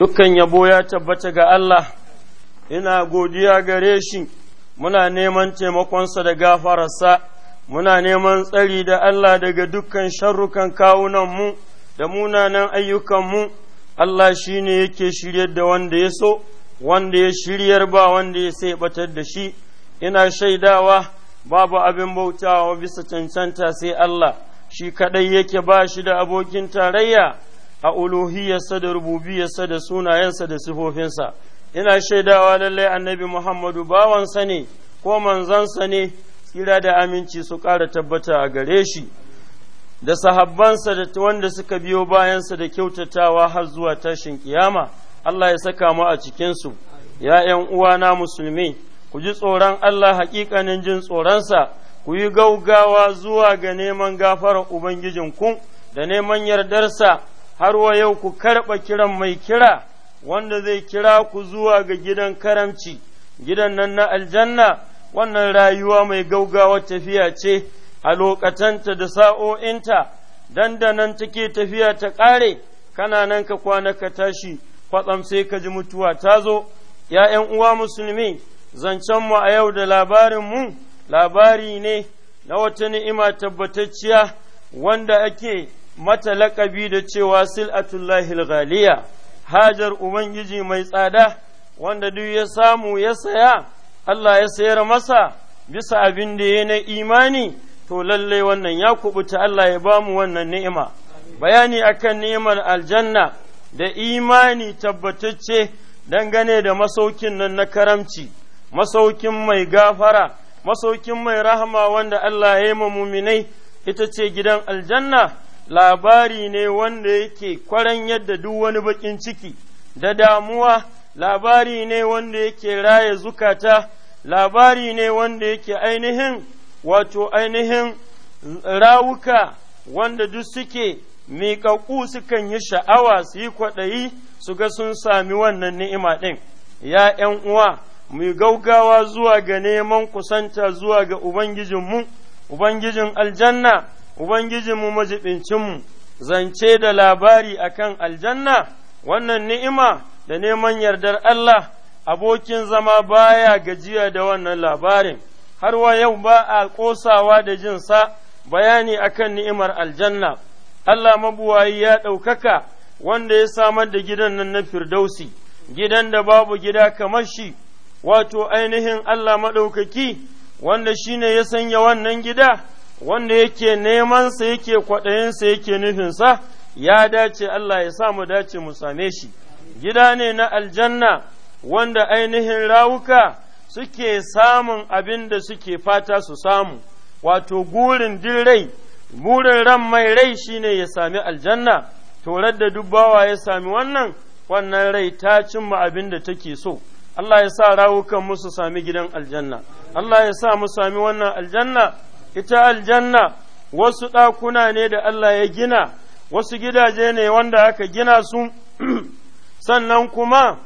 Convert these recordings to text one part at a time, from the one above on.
dukkan yabo ya tabbata ga Allah, ina godiya gare shi, muna neman taimakonsa da gafararsa, muna neman tsari da Allah daga dukkan sharrukan kawunanmu da munanan ayyukanmu, Allah shi ne yake shiryar da wanda ya so, wanda ya shiryar ba wanda ya sai batar da shi, ina shaidawa babu abin bautawa bisa cancanta sai Allah, shi kaɗai yake ba shi da abokin tarayya. a uluhiyarsa da rububiyarsa da sunayensa da sifofinsa ina shaidawa lallai annabi Muhammadu bawansa ne ko manzansa ne tsira da aminci su ƙara tabbata a gare shi da sahabbansa da wanda suka biyo bayansa da kyautatawa har zuwa tashin kiyama Allah ya saka mu a cikinsu ya ’yan uwana musulmi ku ji tsoron Allah haƙiƙanin jin tsoronsa ku yi gaugawa zuwa ga neman gafarar Ubangijinku da neman yardarsa har wa yau ku karɓa kiran mai kira wanda zai kira ku zuwa ga gidan karamci, gidan nan na aljanna wannan rayuwa mai gaugawa tafiya ce a lokatanta da sa'o'inta, dandanan take tafiya ta ƙare, kana nan ka kwana ka tashi, kwatsam sai ka ji mutuwa ta zo, ’ya'yan uwa musulmi, zancen mu a yau da labarin mu labari ne na wata ni'ima tabbatacciya wanda ake mata lakabi da cewa sil'atullahil ghaliya hajar ubangiji mai tsada wanda duk ya samu ya saya Allah ya sayar masa bisa abin da ya na imani to lallai wannan ya kubuta Allah ya bamu wannan ni'ima bayani akan ni'imar aljanna da imani tabbatacce dangane da masaukin nan na karamci masaukin mai gafara masaukin mai rahama wanda Allah ya yi muminai ita ce gidan aljanna labari ne wanda yake kwaran yadda duk wani baƙin ciki da damuwa labari ne wanda yake raya zukata labari ne wanda yake ainihin wato ainihin rawuka wanda duk suke miƙaƙu sukan yi sha'awa su yi kwaɗayi su ga sun sami wannan ni'ima ɗin ya uwa mu gaugawa zuwa ga neman kusanta zuwa ga Ubangijinmu, Ubangijin aljanna Ubangijinmu mu zance da labari akan aljanna, wannan ni'ima da neman yardar Allah, abokin zama baya gajiya da wannan labarin, har wa yau ba a ƙosawa da jinsa bayani akan ni'imar aljanna. Allah mabuwayi ya ɗaukaka wanda ya samar da gidan nan na firdausi, gidan da babu gida kamar shi, wato ainihin Allah maɗaukaki, wanda shi ne ya sanya wannan gida. wanda yake nemansa yake kwaɗayinsa yake nufinsa ya dace Allah ya sa mu dace mu same shi gida ne na aljanna wanda ainihin rawuka suke samun abin da suke fata su samu wato gurin din rai burin ran mai rai shine ya sami aljanna torar da dubbawa ya sami wannan wannan rai ta cimma abin da take so Allah ya sa rawukan musu sami gidan aljanna Allah ya sa mu sami wannan aljanna ita aljanna wasu ɗakuna ne da Allah ya gina, wasu gidaje ne wanda aka gina su, sannan kuma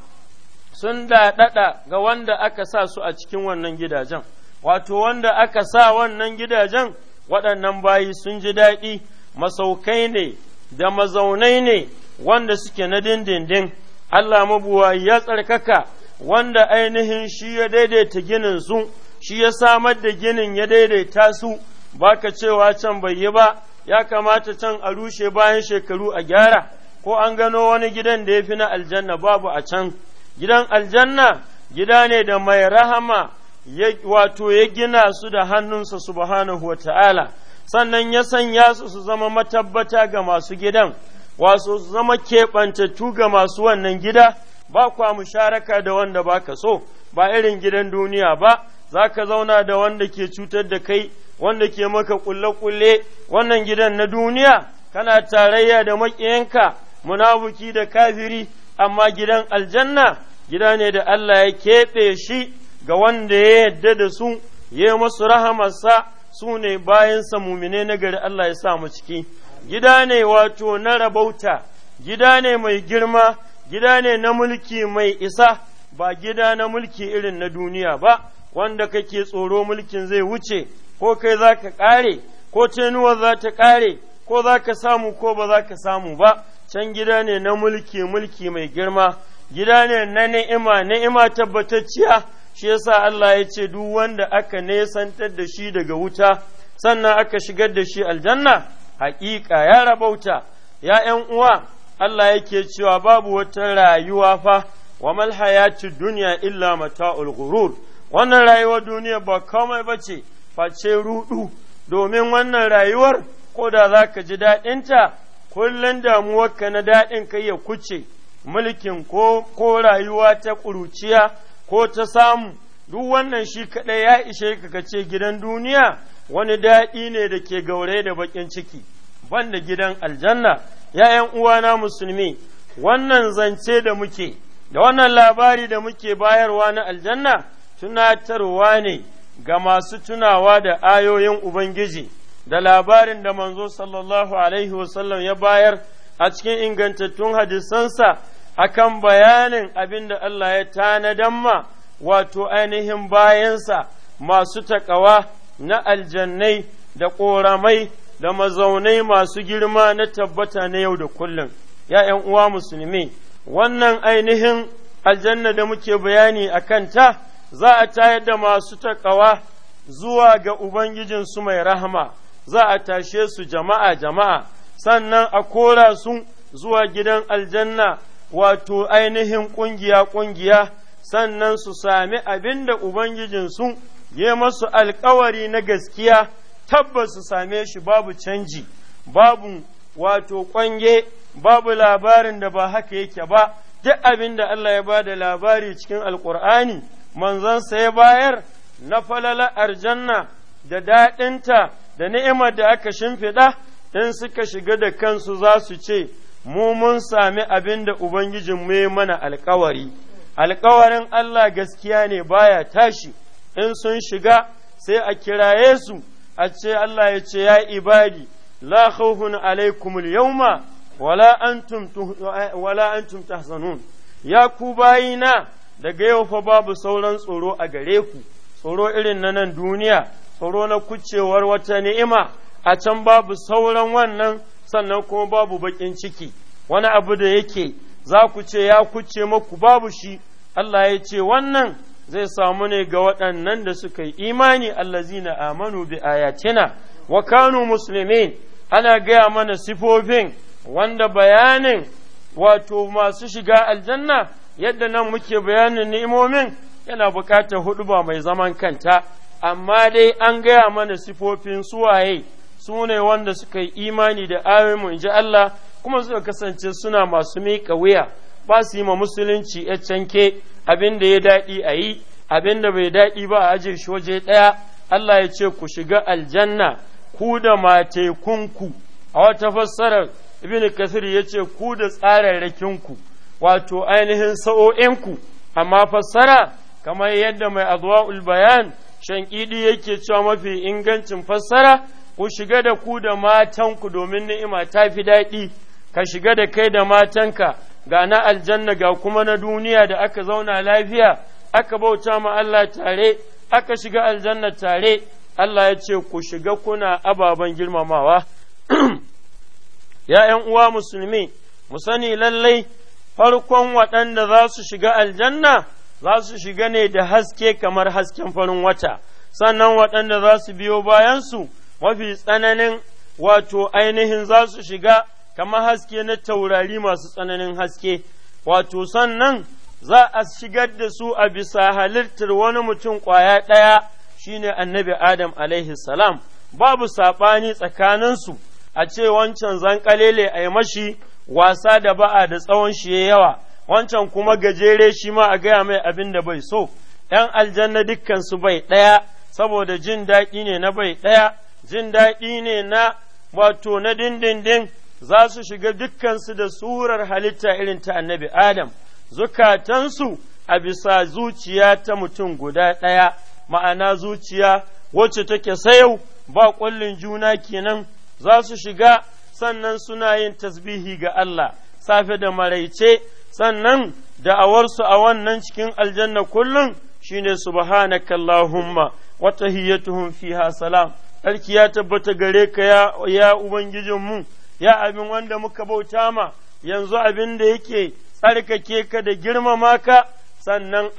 sun daɗaɗa ga wanda aka sa su a cikin wannan gidajen, wato wanda aka sa wannan gidajen waɗannan bayi sun ji daɗi, masaukai ne da mazaunai ne wanda suke na dindindin, Allah mabuwa ya tsarkaka wanda ainihin shi ya daidaita ginin su. shi ya samar da ginin ya daidaita su baka cewa can bai yi ba ya kamata can a rushe bayan shekaru a gyara ko an gano wani gidan da ya fi na aljanna babu a can gidan aljanna gida ne da mai rahama wato ya gina su da hannunsa subhanahu wa ta'ala sannan ya sanya su su zama matabbata ga masu gidan wasu su zama keɓantattu ga masu wannan gida ba kwa musharaka da wanda baka so ba irin gidan duniya ba za ka zauna da wanda ke cutar da kai wanda ke maka kulle-kulle wannan gidan na duniya kana tarayya da maƙiyanka munafuki da kafiri amma gidan aljanna gida ne da Allah ya keɓe shi ga wanda ya yadda da su ya masu rahamarsa su ne bayansa mumine na gari Allah ya sa mu ciki gida ne wato na rabauta gida ne mai girma gida ne na mulki mai isa ba gida na mulki irin na duniya ba wanda kake tsoro mulkin zai wuce ko kai za ka ƙare ko cenuwar za ta ƙare ko za ka samu ko ba za ka samu ba can gida ne na mulki mulki mai girma gida ne na ni'ima ni'ima tabbatacciya shi yasa Allah ya ce duk wanda aka nesantar da shi daga wuta sannan aka shigar da shi aljanna haƙiƙa ya rabauta ya ’yan uwa Allah yake cewa babu wata rayuwa fa wa mal hayatid dunya illa mata'ul ghurur wannan rayuwar duniya ba komai ba ce face ruɗu domin wannan rayuwar ko da za ka ji daɗinta kullum damuwarka na daɗin kai ya kuce mulkin ko, ko rayuwa ta ƙuruciya ko ta samu duk wannan shi kaɗai ya ishe ka kace gidan duniya wani daɗi ne da ke gaure da bakin ciki banda gidan aljanna ‘ya'yan uwana musulmi wannan zance da muke da wannan labari da muke bayarwa na aljanna tunatarwa ne ga masu tunawa da ayoyin Ubangiji da labarin da manzo sallallahu Alaihi wasallam ya bayar a cikin ingantattun hadisansa akan bayanin abin da Allah ya tanadan ma wato ainihin bayansa masu taƙawa na aljannai da ƙoramai da mazaunai masu girma na tabbata na yau da kullum, ‘ya'yan uwa musulmi, wannan ainihin aljanna da muke bayani a kanta za a tayar da masu taƙawa zuwa ga Ubangijinsu mai rahama, za a tashe su jama'a jama'a, sannan a kora su zuwa gidan aljanna wato ainihin ƙungiya ƙungiya, sannan su sami abin da Ubangijinsu ya masu alkawari na gaskiya, tabbas su same shi babu canji, babu wato ƙwange, babu labarin da ba haka yake ba, duk abin da Allah ya ba da labari cikin Alƙur'ani. manzansa ya bayar na falala arjanna da daɗinta da ni'imar da aka shimfiɗa in suka shiga da kansu za su ce, Mu mun sami abin da Ubangijin mai mana alkawari, alkawarin Allah gaskiya ne baya tashi, in sun shiga sai a kiraye su, a ce Allah ya ce, Ya ibadi, la khawfun alaikumul wala antum tahzanun, ya ku bayina. daga yau fa babu sauran tsoro a gare ku tsoro irin na nan duniya tsoro na kucewar wata ni'ima a can babu sauran wannan sannan kuma babu baƙin ciki wani abu da yake za ku ce ya kuce maku babu shi Allah ya ce wannan zai samu ne ga waɗannan da suka yi imani zina amanu bi ayatina wa kanu muslimin ana gaya mana sifofin wanda bayanin wato masu shiga aljanna yadda nan muke bayanin ni'imomin yana buƙatar huɗuba mai zaman kanta amma dai an gaya mana sifofin suwaye su ne wanda suka yi imani da ayoyinmu in ji Allah kuma suka kasance suna masu miƙa wuya ba su yi ma musulunci ya canke abin da ya daɗi a yi abin da bai daɗi ba a ajin shi waje ɗaya Allah ya ce ku shiga aljanna ku da matekunku a wata fassarar ibn kasir ya ce ku da tsararrakinku wato ainihin sa'o'inku amma fassara kamar yadda mai azwa'ul bayan shankidi yake cewa mafi ingancin fassara ku shiga da ku da matanku domin ni'ima ta fi daɗi ka shiga da kai da matanka ga na aljanna ga kuma na duniya da aka zauna lafiya aka bauta ma Allah tare aka shiga aljanna tare Allah ya ce ku shiga kuna ababen girmamawa ya'yan uwa musulmi, mu sani lallai farkon waɗanda za su shiga aljanna za su shiga ne da haske kamar hasken farin wata, sannan waɗanda za su biyo bayansu mafi tsananin wato ainihin za su shiga kamar haske na taurari masu tsananin haske, wato sannan za a shigar da su a bisa halittar wani mutum ƙwaya ɗaya shine annabi Adam alaihi salam, babu saɓani tsakaninsu. a ce wancan zankalele a yi mashi wasa da ba'a da tsawon shi yawa wancan kuma gajere shi ma a gaya mai abin da bai so ‘yan aljanna dukkansu bai ɗaya saboda jin daɗi ne na bai ɗaya jin daɗi ne na wato na dindindin za su shiga dukkansu da surar halitta irin ta annabi adam zukatansu a bisa zuciya ta mutum guda ɗaya ma'ana zuciya wacce take sayau ba ƙwallin juna kenan za su shiga sannan suna yin tasbihi ga Allah safe da maraice sannan da'awarsu a wannan cikin aljanna kullum shine subhanaka Allahumma wa tahiyyatuhum fiha salam alki ya tabbata gare ka ya ya ubangijinmu ya abin wanda muka bauta ma yanzu abin da yake tsarkake ka da girmama ka sannan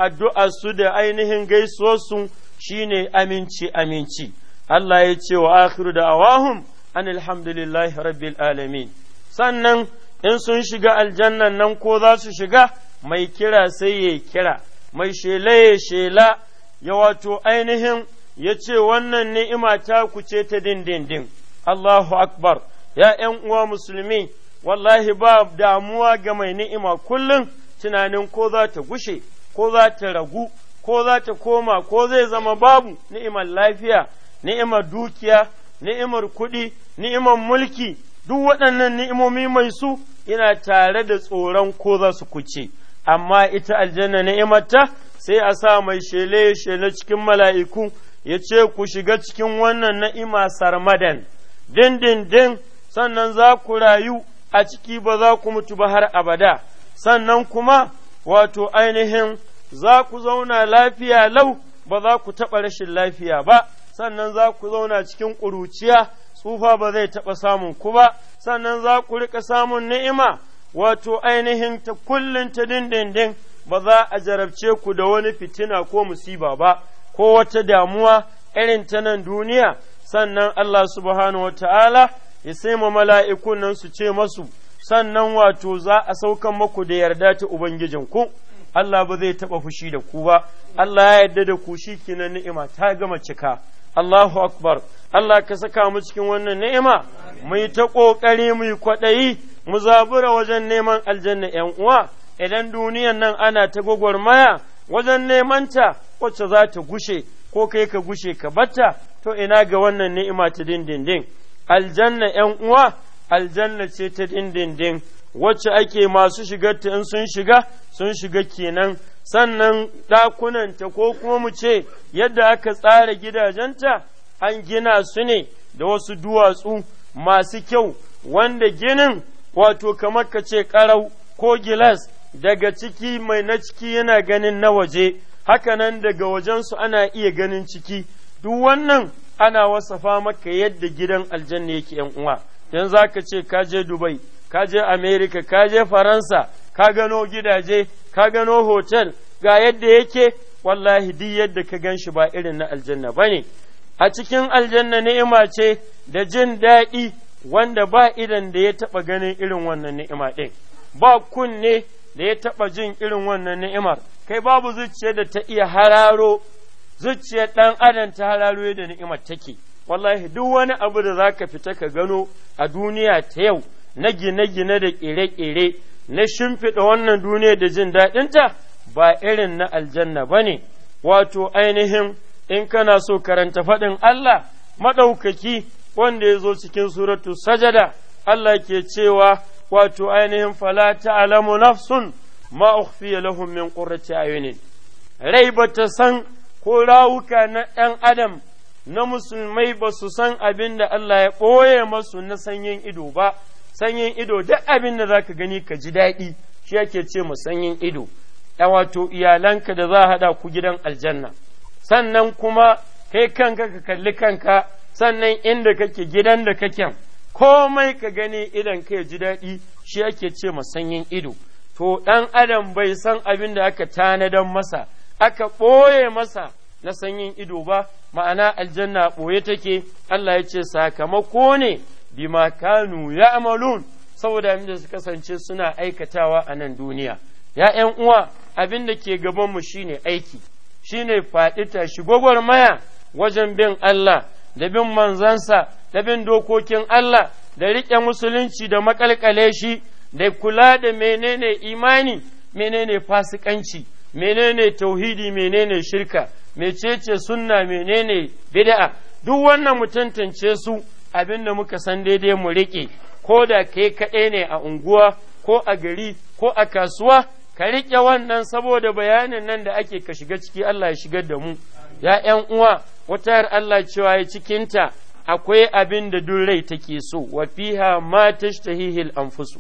su da ainihin gaisuwarsu shine aminci aminci Allah ya ce wa akhiru da awahum an alhamdulillahi rabbil alamin sannan in sun shiga aljannan nan ko za su shiga mai kira sai ya kira mai shela ya shela ya wato ainihin ya ce wannan ni'ima ta ku ce ta dindindin Allahu akbar ya ’yan uwa musulmi wallahi ba damuwa ga mai ni'ima kullum tunanin ko za ta gushe ko za ta ragu ko za ta koma ko zai zama babu ni'imar lafiya ni'imar dukiya ni'imar kuɗi, ni'imar mulki, duk waɗannan ni'imomi mai su ina tare da tsoron ko za su kuce, amma ita aljanna ni'imarta sai a sa mai shele shele cikin mala'iku ya ce ku shiga cikin wannan na'ima sarmadan, din sannan za ku rayu a ciki ba za ku mutu ba har abada, sannan kuma wato ainihin za ku zauna lafiya lau ba za ku taɓa rashin lafiya ba. sannan za ku zauna cikin ƙuruciya tsufa ba zai taɓa samun ku ba sannan za ku riƙa samun ni'ima wato ainihin ta kullum ta dindindin ba za a jarabce ku da wani fitina ko musiba ba ko wata damuwa irin ta nan duniya sannan Allah subhanahu ta'ala ya sai ma mala'ikun nan su ce masu sannan wato za a saukan maku da yarda ta Ubangijinku Allah ba zai taɓa fushi da ku ba Allah ya yarda da ku shi kinan ni'ima ta gama cika Allahu akbar Allah ka saka mu cikin wannan ni'ima mu yi ta ƙoƙari mu yi kwaɗayi mu zabura wajen neman aljanna ‘yan uwa idan duniyan nan ana ta gwagwarmaya wajen nemanta wacce za ta gushe ko kai ka gushe ka batta to ina ga wannan ni'ima ta dindindin aljanna ‘yan uwa aljanna ce ta dindindin wacce ake masu shigarta in sun shiga sun shiga kenan sannan ɗakunanta ko kuma mu ce yadda aka tsara gidajenta an gina su ne da wasu duwatsu masu kyau wanda ginin wato kamar ka ce ƙarau ko gilas daga ciki mai na ciki yana ganin na waje hakanan daga wajensu ana iya ganin ciki duk wannan ana wasafa maka yadda gidan aljanna yake yan uwa don za ka ce ka je dubai ka je america ka je faransa ka gano gidaje ka gano hotel ga yadda yake wallahi duk yadda ka gan shi ba irin na aljanna ba ne a cikin aljanna ni'ima ce da jin daɗi wanda ba idan da ya taɓa ganin irin wannan ni'ima ɗin ba kunne da ya taɓa jin irin wannan ni'imar kai babu zuciya da ta iya hararo zuciyar ɗan adam ta hararo yadda ni'imar take wallahi duk wani abu da za ka fita ka gano a duniya ta yau na gine-gine da ƙere-ƙere na shimfiɗa wannan duniya da jin daɗinta ba irin na aljanna ba ne, wato ainihin in kana so karanta faɗin Allah maɗaukaki wanda ya zo cikin suratu sajada Allah ke cewa wato ainihin fala ta'lamu nafsun ma ukhfiya lahum min qurrati ayunin rai ta san ko rawuka na ɗan adam na musulmai ba su san abin da Allah ya ɓoye masu na sanyin ido ba sanyin ido duk abin da zaka gani ka ji daɗi shi yake ce mu sanyin ido ya wato iyalanka da za haɗa ku gidan aljanna sannan kuma kai kanka ka kalli kanka sannan inda kake gidan da kake komai ka gani idan ka ji daɗi shi yake ce ma sanyin ido to ɗan adam bai san abin da aka tanadan masa aka ɓoye masa na sanyin ido ba ma'ana aljanna ɓoye take Allah ya ce sakamako ne bima kanu ya'malun saboda abin da su kasance suna aikatawa a nan duniya ya ’yan uwa abin da ke gabanmu shine aiki shine faɗi shigogwar maya wajen bin Allah da bin manzansa da bin dokokin Allah da riƙe musulunci da makalkale shi da kula da menene imani menene fasikanci menene tauhidi menene shirka mecece sunna menene bid'a duk wannan mu tantance su abin da muka san daidai mu riƙe ko da kai kaɗai ne a unguwa ko a gari ko a kasuwa ka riƙe wannan saboda bayanin nan da ake ka shiga ciki Allah ya shigar da mu ya ’yan uwa wata Allah cewa ya cikinta akwai abin da duk rai take so wa fiha ma tashtahihil anfusu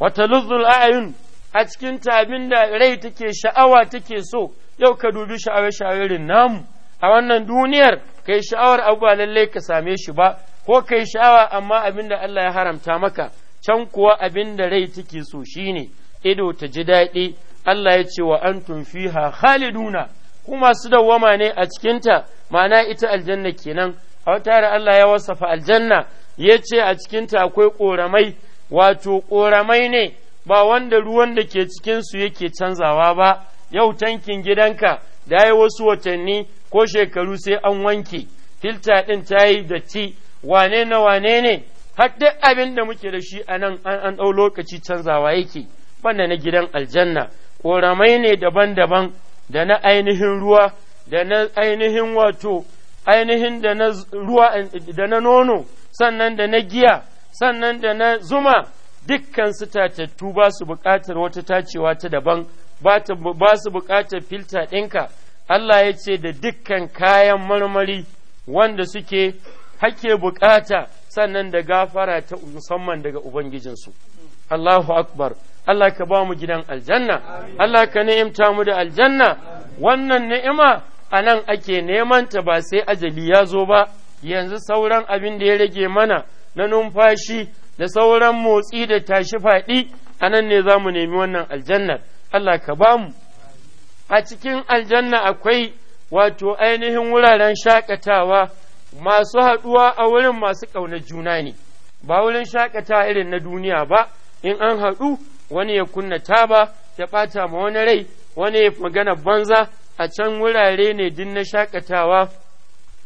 wa taluzzul a'yun a cikin abin da rai take sha'awa take so yau ka dubi sha'awar sha'awarin namu a wannan duniyar kai sha'awar abuwa lallai ka same shi ba ko kai sha'awa amma abin da Allah ya haramta maka can kuwa abin da rai take so shine ido ta ji daɗi Allah ya ce wa antum fiha khaliduna ku masu dawwama ne a cikinta ma'ana ita aljanna kenan a wata Allah ya wasafa aljanna ya ce a cikinta akwai ƙoramai wato ƙoramai ne ba wanda ruwan da ke cikinsu yake canzawa ba yau tankin gidanka da ya wasu watanni ko shekaru sai an wanke filta ɗin ta yi datti wane na wane ne har duk abin da muke da shi a nan an ɗau lokaci canzawa yake banda na gidan aljanna ƙoramai ne daban-daban da na ainihin ruwa da na ainihin wato ainihin da na ruwa da na nono sannan da na giya sannan da na zuma dukkan su tatattu ba su buƙatar wata tacewa ta daban ba su buƙatar filta ɗinka Allah ya ce da dukkan kayan marmari wanda suke hake bukata sannan da gafara ta musamman daga ubangijinsu Allahu akbar Allah ka ba mu gidan aljanna Allah ka ni'imta mu da aljanna wannan ni'ima a nan ake neman ta ba sai ajali ya zo ba yanzu sauran abin da ya rage mana na numfashi da sauran motsi da tashi faɗi a nan ne za mu nemi wannan aljannar Allah ka ba mu a cikin aljanna akwai wato ainihin wuraren shakatawa masu haɗuwa a wurin masu ƙaunar juna ne ba wurin shakata irin na duniya ba in an haɗu wani ya kunna taba ya ɓata ma wani rai wani ya magana banza a can wurare ne din na shaƙatawa.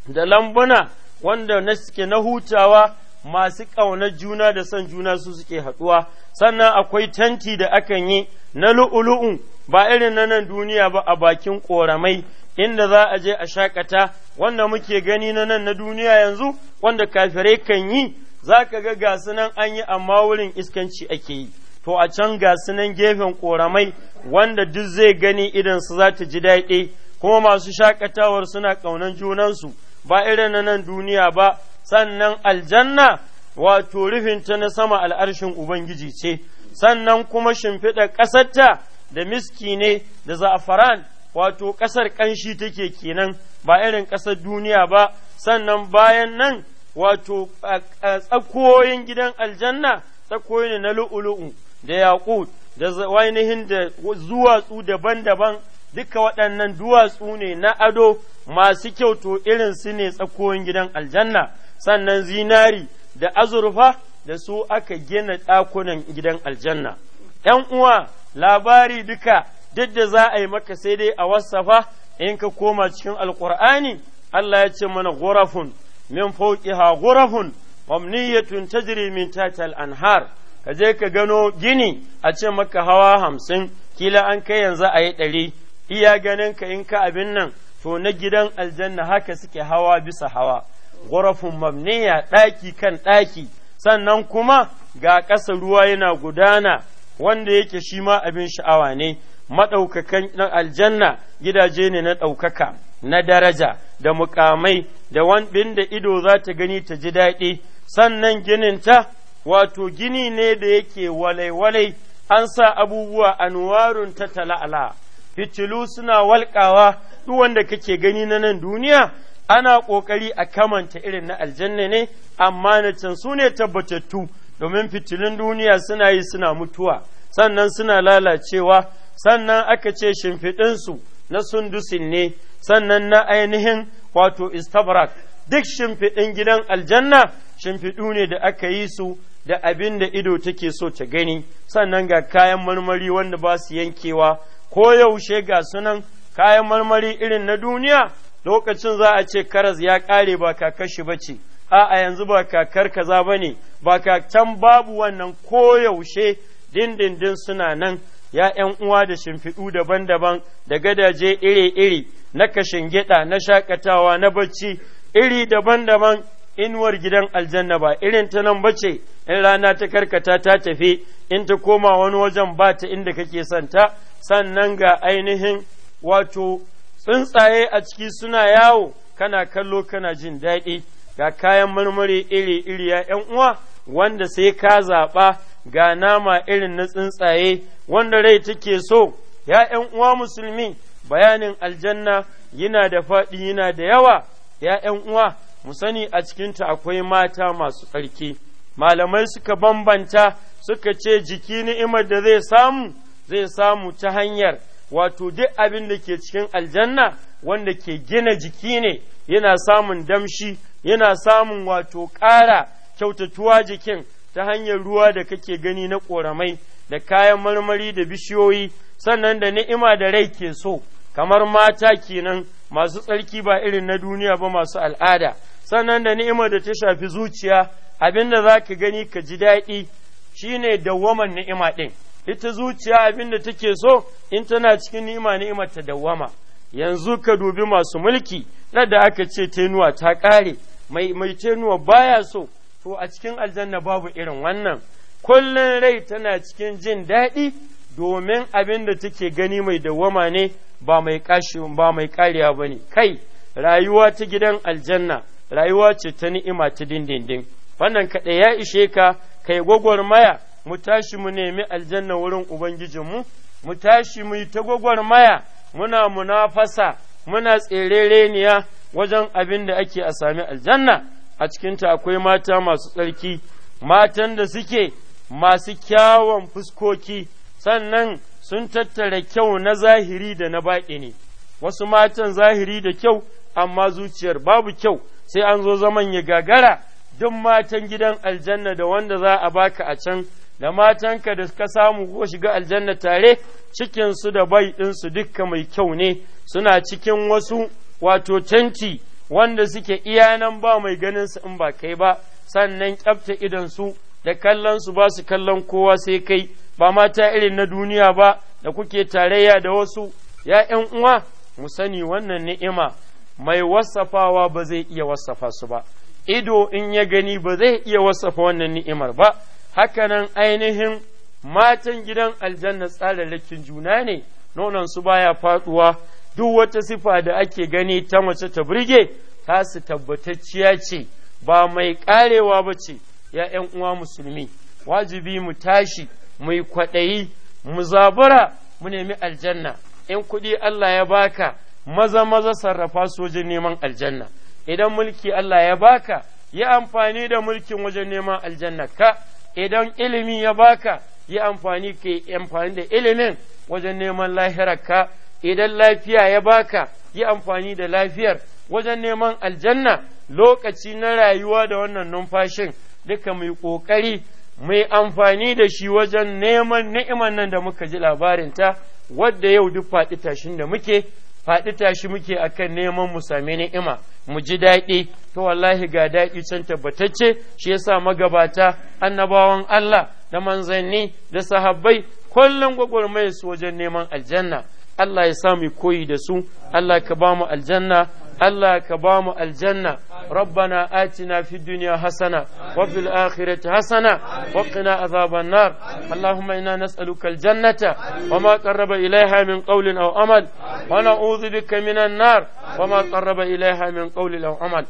da lambuna wanda na suke na hutawa masu ƙaunar juna da son juna su suke haɗuwa sannan akwai tanti da akan yi na lu'ulu'un ba irin na nan duniya ba a bakin ƙoramai inda za a je a shakata wanda muke gani na nan na duniya yanzu wanda kafirai kan yi za ka ga gasu nan an yi amma wurin iskanci ake yi to a can gasu nan gefen koramai wanda duk zai gani idan su za ta ji daɗi kuma masu shakatawar suna ƙaunan junansu ba irin na nan duniya ba sannan aljanna wato rufinta na sama al'arshin Ubangiji ce, sannan kuma shimfiɗa ƙasarta da miski ne da za'afaran wato ƙasar ƙanshi take kenan ba irin ƙasar duniya ba sannan bayan nan wato tsakoyin gidan aljanna tsakoyi ne na lu'ulu'u da yaƙut da wainihin da zuwatsu daban-daban duka waɗannan duwatsu ne na ado masu kyau to irin su ne tsakoyin gidan aljanna sannan zinari da azurfa da su aka gina ɗakunan gidan aljanna ‘yan uwa labari duka duk da za a yi maka sai dai a wasafa in ka koma cikin alkur'ani Allah ya ce mana gurafun min fawqiha gurafun mamniyatun tajri min al anhar ka je ka gano gini a ce maka hawa hamsin kila an kai yanzu a yi ɗari iya ganin ka in ka abin nan to na gidan aljanna haka suke hawa bisa hawa gurafun mamniya ɗaki kan ɗaki sannan kuma ga ƙasa ruwa yana gudana wanda yake shi ma abin sha'awa ne maɗaukakan aljanna gidaje ne na ɗaukaka na daraja da mukamai da wandin da ido za ta gani ta ji daɗi sannan ginin ta wato gini ne da yake walai-walai an sa abubuwa anwarun ta tala'ala fitilu suna walƙawa duk wanda kake gani na nan duniya ana ƙoƙari a kamanta irin na aljanna ne amma na can su ne tabbatattu domin fitilun duniya suna yi suna mutuwa sannan suna lalacewa sannan aka ce shimfiɗinsu na sundusin ne sannan na ainihin wato istabrak duk shimfiɗin gidan aljanna shimfiɗu ne da aka yi su da abin da ido take so ta gani sannan ga kayan marmari wanda ba su yankewa ko yaushe ga sunan kayan marmari irin na duniya lokacin za a ce karas ya ƙare ba kakashi ba ce a'a yanzu ba kakar kaza ba ne ba can babu wannan ko yaushe dindindin suna nan ya ’yan uwa da shimfiɗu daban-daban da gadaje iri-iri na kashin gida na shakatawa na bacci iri daban-daban inuwar gidan aljanna ba irin ta nan bace in rana ta karkata ta tafi in ta koma wani wajen ba ta inda kake santa sannan ga ainihin wato tsuntsaye a ciki suna yawo kana kallo kana jin daɗi ga kayan marmari iri-iri ya ’yan uwa wanda sai ka zaɓa ga nama irin na tsuntsaye wanda rai take so ya ’yan uwa musulmi bayanin aljanna yana da faɗi yana da yawa ya ’yan uwa mu sani a cikinta akwai mata masu tsarki malamai suka bambanta suka ce jiki ni'imar da zai samu zai samu ta hanyar wato duk abin da ke cikin aljanna wanda ke gina jiki ne yana samun damshi yana samun wato ƙara kyautatuwa jikin ta hanyar ruwa da kake gani na ƙoramai da kayan marmari da bishiyoyi sannan da ni'ima da rai ke so kamar mata kenan masu tsarki ba irin na duniya ba masu al'ada sannan da ni'ima da ta shafi zuciya abin da za ka gani ka ji daɗi shine dawwaman ni'ima ɗin ita zuciya abin da take so in tana cikin ni'ima ni'ima ta dawwama yanzu ka dubi masu mulki na da aka ce tenuwa ta ƙare mai mai tenuwa baya so to a cikin aljanna babu irin wannan kullum rai tana cikin jin daɗi domin abin da take gani mai dawama ne ba mai kashi ba mai kariya ba ne kai rayuwa ta gidan aljanna rayuwa ce ta ni'ima ta dindindin wannan kaɗai ya ishe ka kai gwagwarmaya mu tashi mu nemi aljanna wurin ubangijin mu tashi mu yi ta gwagwarmaya muna munafasa muna tserereniya wajen abin da ake a sami aljanna a cikinta akwai mata masu tsarki matan da suke masu kyawun fuskoki sannan sun tattara kyau na zahiri da na baƙi ne wasu matan zahiri da kyau amma zuciyar babu kyau sai an zo zaman ya gagara duk matan gidan aljanna da wanda za a baka a can da matan ka da ka samu ko shiga aljanna tare cikinsu da bai ɗinsu dukka mai kyau ne suna cikin wasu wato tenti wanda suke iyanan ba mai ganin su in ba kai ba sannan kyafta idan su da kallon su ba su kallon kowa sai kai ba mata irin na duniya ba da kuke tarayya da wasu ya ’yan uwa mu sani wannan ni'ima mai wasafawa ba zai iya wasafa su ba ido in ya gani ba zai iya wasafa wannan ni'imar ba hakanan ainihin matan gidan aljanna tsararrakin juna ne nonon su baya faduwa duk wata sifa da ake gani ta mace ta burge ta su tabbatacciya ce ba mai karewa ba ce ya ‘yan uwa musulmi wajibi mu tashi mu yi kwaɗayi mu zabura mu nemi aljanna in kuɗi Allah ya baka maza maza sarrafa su wajen neman aljanna idan mulki Allah ya baka yi amfani da mulkin wajen neman aljanna ka idan ilimi ya baka yi amfani ka amfani da ilimin wajen neman ka. idan lafiya ya baka yi amfani da lafiyar wajen neman aljanna lokaci na rayuwa da wannan numfashin duka mai ƙoƙari mai amfani da shi wajen neman ni'imar nan da muka ji labarin ta. wadda yau duk faɗi tashin da muke faɗi tashi muke akan neman mu sami ni'ima mu ji daɗi to wallahi ga daɗi can tabbatacce shi yasa magabata annabawan Allah da manzanni da sahabbai kullum gwagwarmai su wajen neman aljanna Allah ya sa mu koyi da su Allah ka ba mu aljanna Allah ka ba mu aljanna rabbana atina fid dunya hasana wa fil akhirati Hassana, wa qina azaban nar allahumma inna nas'aluka aljannata wa ma qarraba ilayha min qawlin aw amal ونعوذ بك من النار وما قرب إليها من قول أو عمل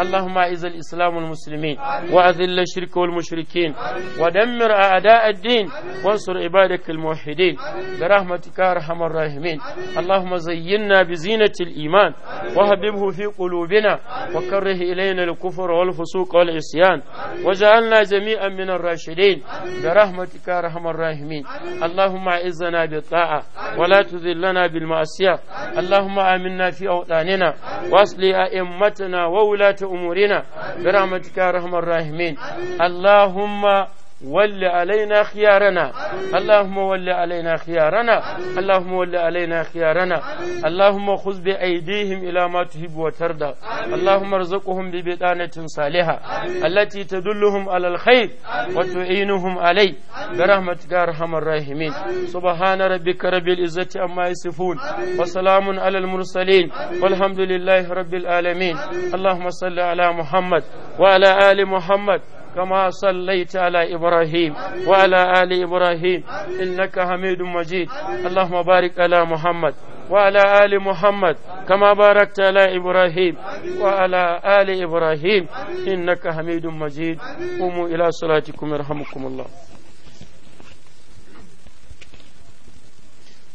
اللهم أعز الإسلام والمسلمين وأذل الشرك والمشركين ودمر أعداء الدين وانصر عبادك الموحدين برحمتك أرحم الراحمين اللهم زينا بزينة الإيمان وهببه في قلوبنا وكره إلينا الكفر والفسوق والعصيان وجعلنا جميعا من الراشدين برحمتك أرحم الراحمين اللهم أعزنا بالطاعة ولا تذلنا بالمعصية أوطاننا اللهم آمنا في أوطاننا واصل أئمتنا وولاة أمورنا برحمتك يا أرحم الراحمين اللهم ول علينا خيارنا اللهم ول علينا خيارنا اللهم ول علينا خيارنا اللهم خذ بأيديهم إلى ما تحب وترضى اللهم ارزقهم ببطانة صالحة التي تدلهم على الخير وتعينهم عليه برحمتك أرحم الراحمين سبحان ربك رب العزة عما يصفون وسلام على المرسلين والحمد لله رب العالمين اللهم صل على محمد وعلى آل محمد كما صليت على إبراهيم وعلى آل إبراهيم إنك حميد مجيد اللهم بارك على محمد وعلى آل محمد كما باركت على إبراهيم وعلى آل إبراهيم إنك حميد مجيد قوموا إلى صلاتكم يرحمكم الله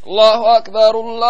الله أكبر الله